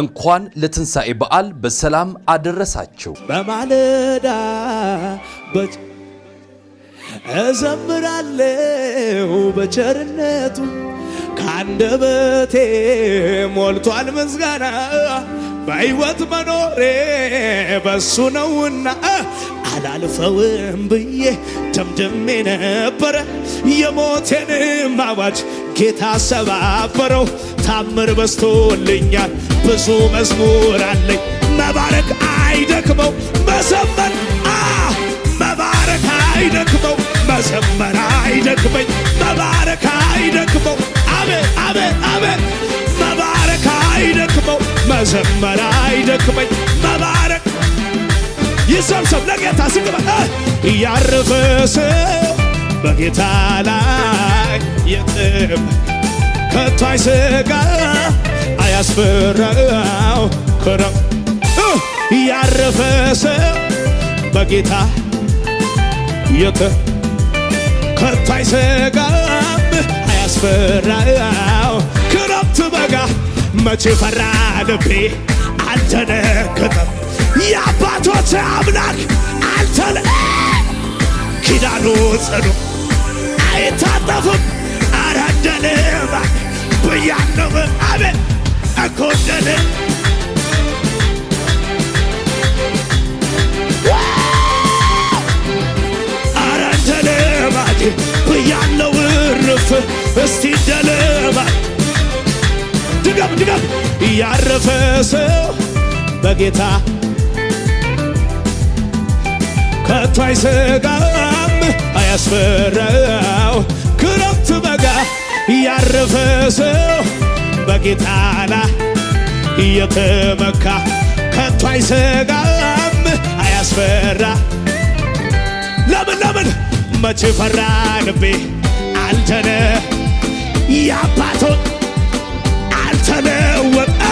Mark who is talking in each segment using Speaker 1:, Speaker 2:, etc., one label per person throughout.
Speaker 1: እንኳን ለትንሣኤ በዓል በሰላም አደረሳቸው።
Speaker 2: በማለዳ እዘምራለሁ በቸርነቱ በቴ ሞልቷል ምስጋና በሕይወት መኖሬ በሱ ነውና አላልፈውም ብዬ ደምድሜ ነበረ የሞቴንም አዋጅ ጌታ ሰባበረው ታምር በስቶልኛል። ብዙ መዝሙር አለኝ መባረክ አይደክመው መዘመር መባረክ አይደክመው መዘመር አይደክመኝ መባረክ አይደክመው አቤ አቤ አቤ መባረክ አይደክመው መዘመር አይደክመኝ መባረክ ይሰብሰብ ለጌታ ስግበ ያረፈ በጌታ ላይ የጥም ከቷይ ስጋ አያስፈራው ኮረው ያረፈ ሰው በጌታ የት ከታይ ስጋም አያስፈራው ክረምት በጋ መቼ ፈራ ልቤ አልተነከጠም የአባቶች አምላክ አልተለ ኪዳኑ ጽኑ አይታጠፍም ጎደለ ብያለው አቤት ጎደለ አረንተለባቴ ብያለው እርፍ እስቲ ደለባ ድገም ድገም ያረፈ ሰው በጌታ ከቶ አይሰጋም አያስፈራው ያረፈ ሰው በጌታ ላይ እየተመካ ከቶ አይሰጋም አያስፈራ። ለምን ለምን መቼ ፈራ ልቤ አንተነ የአባቶን አልተለወጠ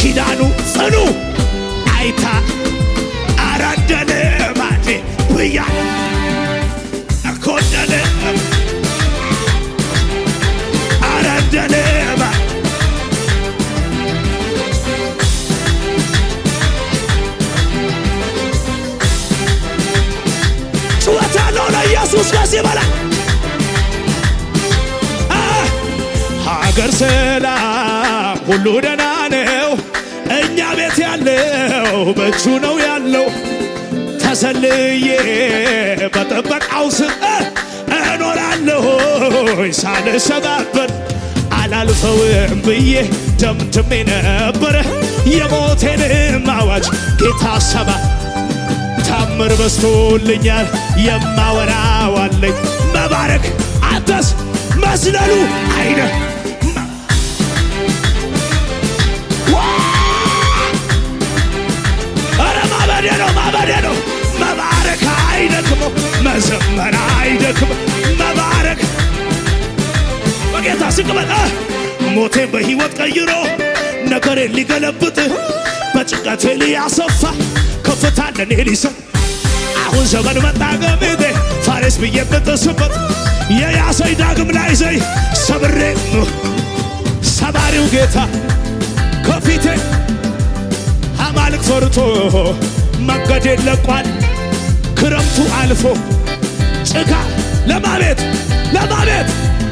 Speaker 2: ኪዳኑ ጽኑ አይታ አራደለ ማቴ ብያ ሁሉ ደህና ነው። እኛ ቤት ያለው በእጁ ነው ያለው። ተሰልዬ በጥበቃው ስር እኖራለሁ ሳልሰባበር አላልፈውም ብዬ ደምድሜ ነበረ የሞቴንም አዋጅ ጌታ ሰማ። ታምር በስቶልኛል የማወራዋለኝ መባረክ አንተስ መዝለሉ አይነ መዘመር አይደክም መባረክ በጌታ ስቅበል ሞቴን በሕይወት ቀይሮ ነገሬን ሊገለብጥ በጭንቀቴ ሊያሰፋ ከፍታ ለኔ ሊሰጥ አሁን ዘመን መጣ ገቤቴ ፋሬስ ብዬ ብጥስበት የያዘኝ ዳግም ላይ ዘይ ሰብሬ ሰባሪው ጌታ ከፊቴ አማልክ ፈርቶ መንገዴን ለቋል ክረምቱ አልፎ ጭካ ለማቤት ለማቤት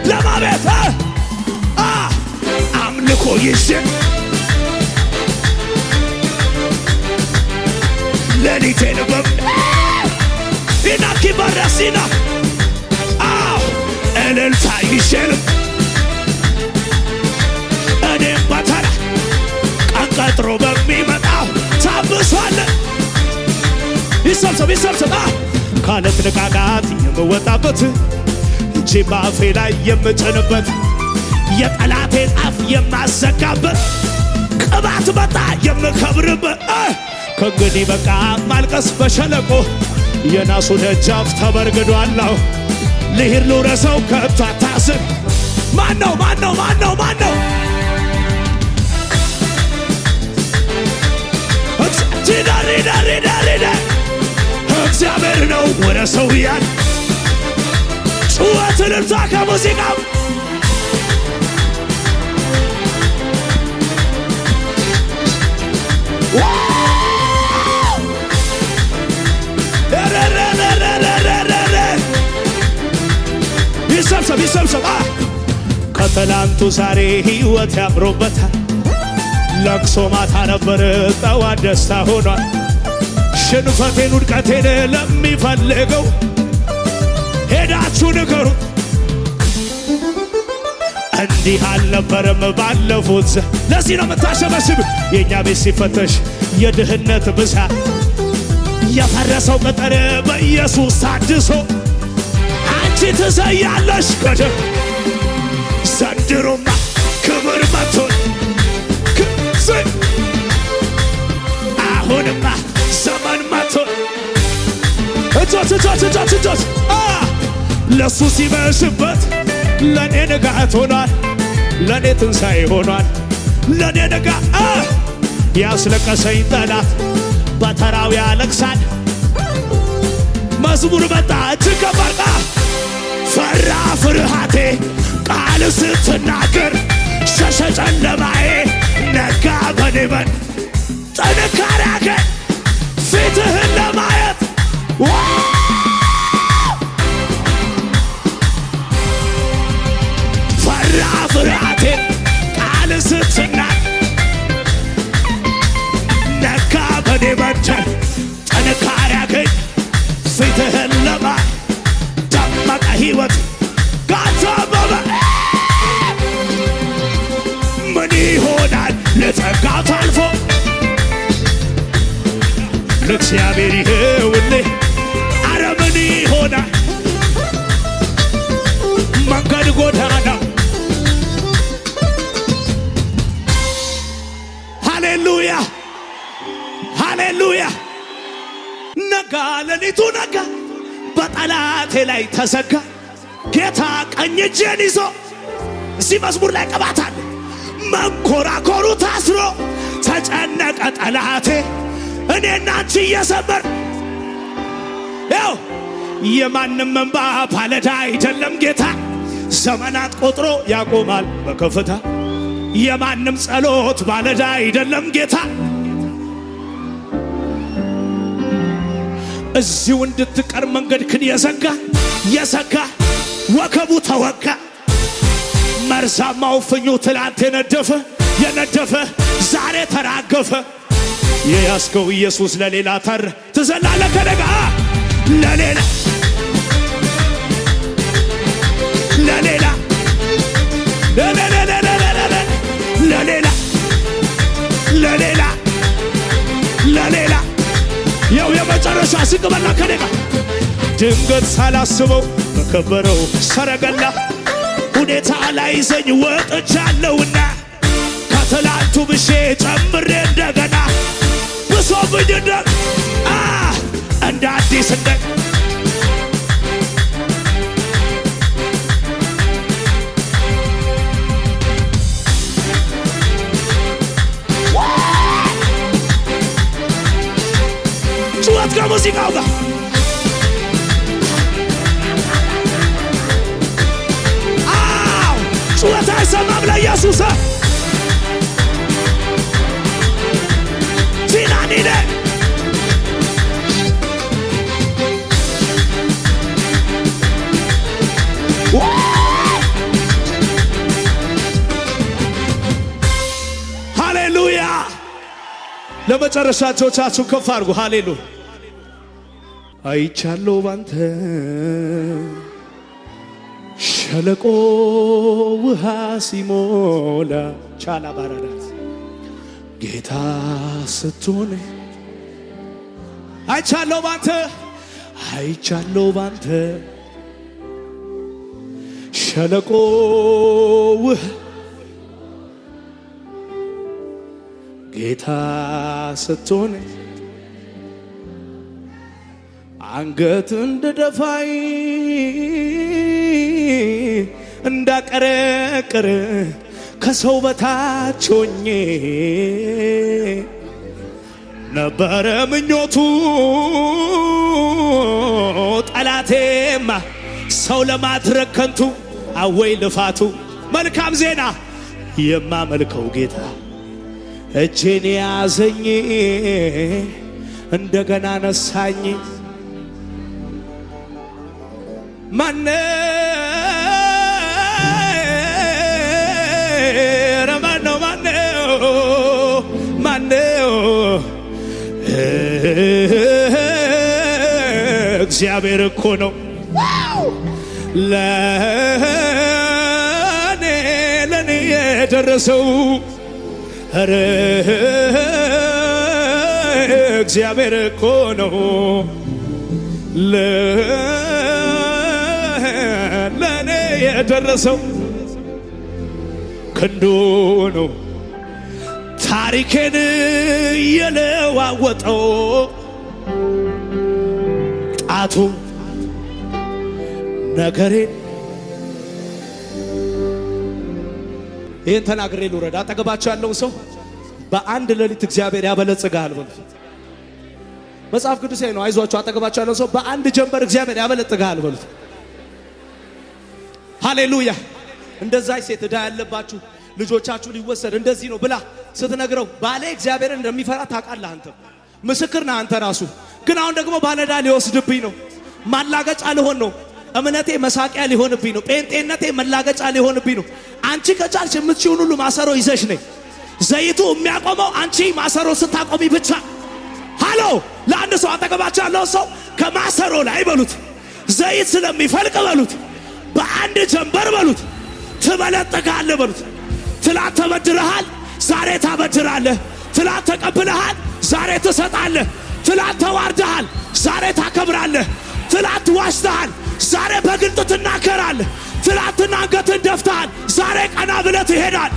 Speaker 2: ለማቤት አምልኮ ይዤ ሌሊቴን በም ኢናኪ በረሲና አዎ እልልታ ይዤንም እኔም በተራ ቀን ቀጥሮ በሚመጣው ታብሷለን ይሰብሰብ ይሰብሰብ ካለ ትንቃቃት የምወጣበት እጄ በአፌ ላይ የምጭንበት የጠላቴ አፍ የማዘጋበት ቅባት መጣ የምከብርበት ከእንግዲህ በቃ ማልቀስ በሸለቆ የናሱ ደጃፍ ተበርግዷለሁ። ልሂድ ልውረሰው ከብቷ ታስር ማነው ማነው ማነው ማነው እግዚአብሔር ነው ሰው? እያል ውበትን እምዛ ከሙዚቃው ይሰብሰብ ይሰብሰብ ከትላንቱ ዛሬ ሕይወት ያምሮበታል። ለቅሶ ማታ ነበር፣ ጠዋት ደስታ ሆኗል። ሽንፈቴን ውድቀቴን ለሚፈልገው ሄዳችሁ ንገሩ። እንዲህ አልነበረም ባለፉት። ለዚህ ነው የምታሸበሽብ የእኛ ቤት ሲፈተሽ የድህነት ብዛት የፈረሰው ቅጥር በኢየሱስ ታድሶ አንቺ ትዘያለሽ ከደ ዘንድሮማ ክብር መቶን አሁንማ ዘመን መቶን እጆች እጆች እጆች እጆች ለሱ ሲመሽበት ለእኔ ንጋት ሆኗል፣ ለእኔ ትንሣኤ ሆኗል፣ ለእኔ ንጋ ያስለቀሰኝ ጠላት በተራው ያለቅሳል። መዝሙር መጣ እጅግ ከባድ ፈራ ፍርሃቴ ቃል ስትናገር እግዚአብሔር ይኸውልህ አረምን ይሆናል መንገድ ጎዳና ሃሌሉያ ሃሌሉያ ነጋ ለሊቱ ነጋ በጠላቴ ላይ ተዘጋ ጌታ ቀኝ እጄን ይዞ እዚህ መዝሙር ላይ ቅባት አለ መንኮራኮሩ ታስሮ ተጨነቀ ጠላቴ እኔና አንቺ እየሰበር ያው የማንም እንባ ባለዕዳ አይደለም ጌታ ዘመናት ቆጥሮ ያቆማል በከፍታ የማንም ጸሎት ባለዳ አይደለም ጌታ እዚሁ እንድትቀር መንገድክን የዘጋ የዘጋ ወከቡ ተወጋ መርዛማው ፍኙ ትላንት የነደፈ የነደፈ ዛሬ ተራገፈ የያዝከው ኢየሱስ ለሌላ ተር ትዘላለህ ከነጋ ለሌላ ለሌላ የመጨረሻ ስቅበላ ከነጋ ድንገት ሳላስበው በከበረው ሰረገላ ሁኔታ ላይዘኝ ወጥቻለሁና ከትላንቱ ብሼ ጨምሬ እንደገና አልፎብኝ እንደግ እንደ አዲስ እንደግ ጩኸት ከሙዚቃው ጋር ጩኸት አይሰማም ለኢየሱስ ለመጨረሻ እጆቻችሁን ከፍ አድርጉ። ሃሌሉያ አይቻለሁ ባንተ ሸለቆ ውሃ ሲሞላ ቻላ ባራዳት ጌታ ስትሆን አይቻለው ባንተ አይቻለው ባንተ ሸለቆ ውሃ ጌታ ስትሆን አንገት እንደደፋይ እንዳቀረቅር ከሰው በታች ሆኜ ነበረ ምኞቱ ጠላቴማ ሰው ለማድረግ ከንቱ አወይ ልፋቱ መልካም ዜና የማመልከው ጌታ እጄን ያዘኝ እንደገና ነሳኝ። ማነው ማነው ማነው ማነው እግዚአብሔር እኮ ነው ለኔ ለኔ የደረሰው ኧረ እግዚአብሔር እኮ ነው ለእኔ የደረሰው ክንዱ ነው ታሪኬን የለዋወጠው ጣቱ ነገሬ ይህን ተናግሬ ልውረድ። አጠገባቸው ያለውን ሰው በአንድ ሌሊት እግዚአብሔር ያበለጽጋል በሉት። መጽሐፍ ቅዱሳዊ ነው። አይዟቸው። አጠገባቸው ያለውን ሰው በአንድ ጀንበር እግዚአብሔር ያበለጽጋል በሉት። ሃሌሉያ። እንደዛ ሴት እዳ ያለባችሁ ልጆቻችሁ ሊወሰድ እንደዚህ ነው ብላ ስትነግረው ባለ እግዚአብሔርን እንደሚፈራ ታውቃለህ። አንተ ምስክር ነህ አንተ ራሱ። ግን አሁን ደግሞ ባለዳ ሊወስድብኝ ነው፣ ማላገጫ ሊሆን ነው፣ እምነቴ መሳቂያ ሊሆንብኝ ነው፣ ጴንጤነቴ መላገጫ ሊሆንብኝ ነው አንቺ ከቻልሽ የምትችውን ሁሉ ማሰሮ ይዘሽ ነይ። ዘይቱ የሚያቆመው አንቺ ማሰሮ ስታቆሚ ብቻ። ሃሎ ለአንድ ሰው አጠገባቸው ያለው ሰው ከማሰሮ ላይ በሉት፣ ዘይት ስለሚፈልቅ በሉት፣ በአንድ ጀንበር በሉት፣ ትበለጥጋለ በሉት። ትላት ተበድረሃል፣ ዛሬ ታበድራለህ። ትላት ተቀብለሃል፣ ዛሬ ትሰጣለህ። ትላት ተዋርደሃል፣ ዛሬ ታከብራለህ። ትላ ዋሽተሃል፣ ዛሬ በግልጥ ትናከራለህ። ትናንትና አንገትን ደፍተሃል፣ ዛሬ ቀና ብለህ ትሄዳል።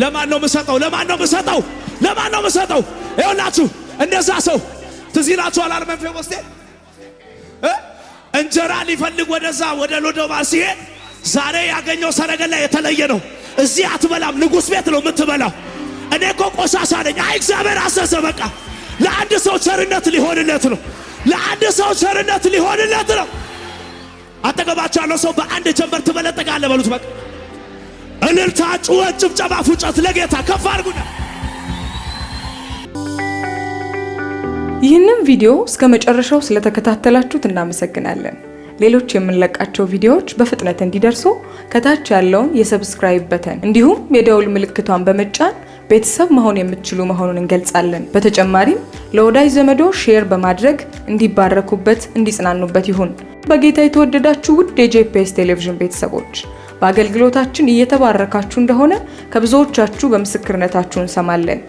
Speaker 2: ለማን ነው የምሰጠው? ለማን ነው የምሰጠው? ለማን ነው የምሰጠው? ይኸውላችሁ እንደዛ ሰው ትዝ ይላችኋል። አልመንፌቦስቴ እንጀራ ሊፈልግ ወደዛ ወደ ሎዶባር ሲሄድ ዛሬ ያገኘው ሰረገላ የተለየ ነው። እዚህ አትበላም፣ ንጉሥ ቤት ነው የምትበላው። እኔ እኮ ቆሻሻ ነኝ። አይ እግዚአብሔር አዘዘ። በቃ ለአንድ ሰው ቸርነት ሊሆንለት ነው። ለአንድ ሰው ቸርነት ሊሆንለት ነው። አጠገባቸው ያለው ሰው በአንድ ጀንበር ትበለጠጋለ። በሉት። በቃ እልልታ፣ ጩኸት፣ ጭብጨባ፣ ፉጨት ለጌታ ከፍ አድርጉና
Speaker 3: ይህንን ቪዲዮ እስከ መጨረሻው ስለተከታተላችሁት እናመሰግናለን። ሌሎች የምንለቃቸው ቪዲዮዎች በፍጥነት እንዲደርሱ ከታች ያለውን የሰብስክራይብ በተን እንዲሁም የደውል ምልክቷን በመጫን ቤተሰብ መሆን የምትችሉ መሆኑን እንገልጻለን። በተጨማሪም ለወዳጅ ዘመዶ ሼር በማድረግ እንዲባረኩበት እንዲጽናኑበት ይሁን። በጌታ የተወደዳችሁ ውድ የጄፒኤስ ቴሌቪዥን ቤተሰቦች በአገልግሎታችን እየተባረካችሁ እንደሆነ ከብዙዎቻችሁ በምስክርነታችሁ እንሰማለን።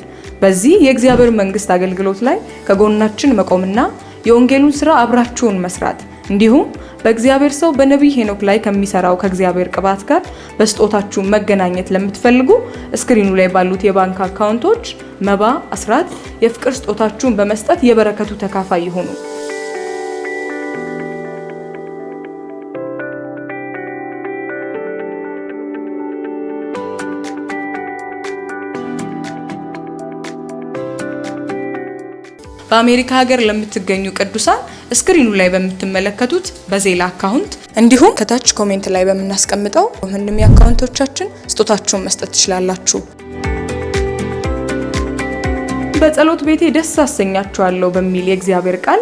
Speaker 3: በዚህ የእግዚአብሔር መንግስት አገልግሎት ላይ ከጎናችን መቆምና የወንጌሉን ስራ አብራችሁን መስራት እንዲሁም በእግዚአብሔር ሰው በነቢይ ሄኖክ ላይ ከሚሰራው ከእግዚአብሔር ቅባት ጋር በስጦታችሁ መገናኘት ለምትፈልጉ እስክሪኑ ላይ ባሉት የባንክ አካውንቶች መባ፣ አስራት፣ የፍቅር ስጦታችሁን በመስጠት የበረከቱ ተካፋይ ይሆኑ። በአሜሪካ ሀገር ለምትገኙ ቅዱሳን ስክሪኑ ላይ በምትመለከቱት በዜላ አካውንት እንዲሁም ከታች ኮሜንት ላይ በምናስቀምጠው ምንም አካውንቶቻችን ስጦታችሁን መስጠት ትችላላችሁ። በጸሎት ቤቴ ደስ አሰኛችኋለሁ በሚል የእግዚአብሔር ቃል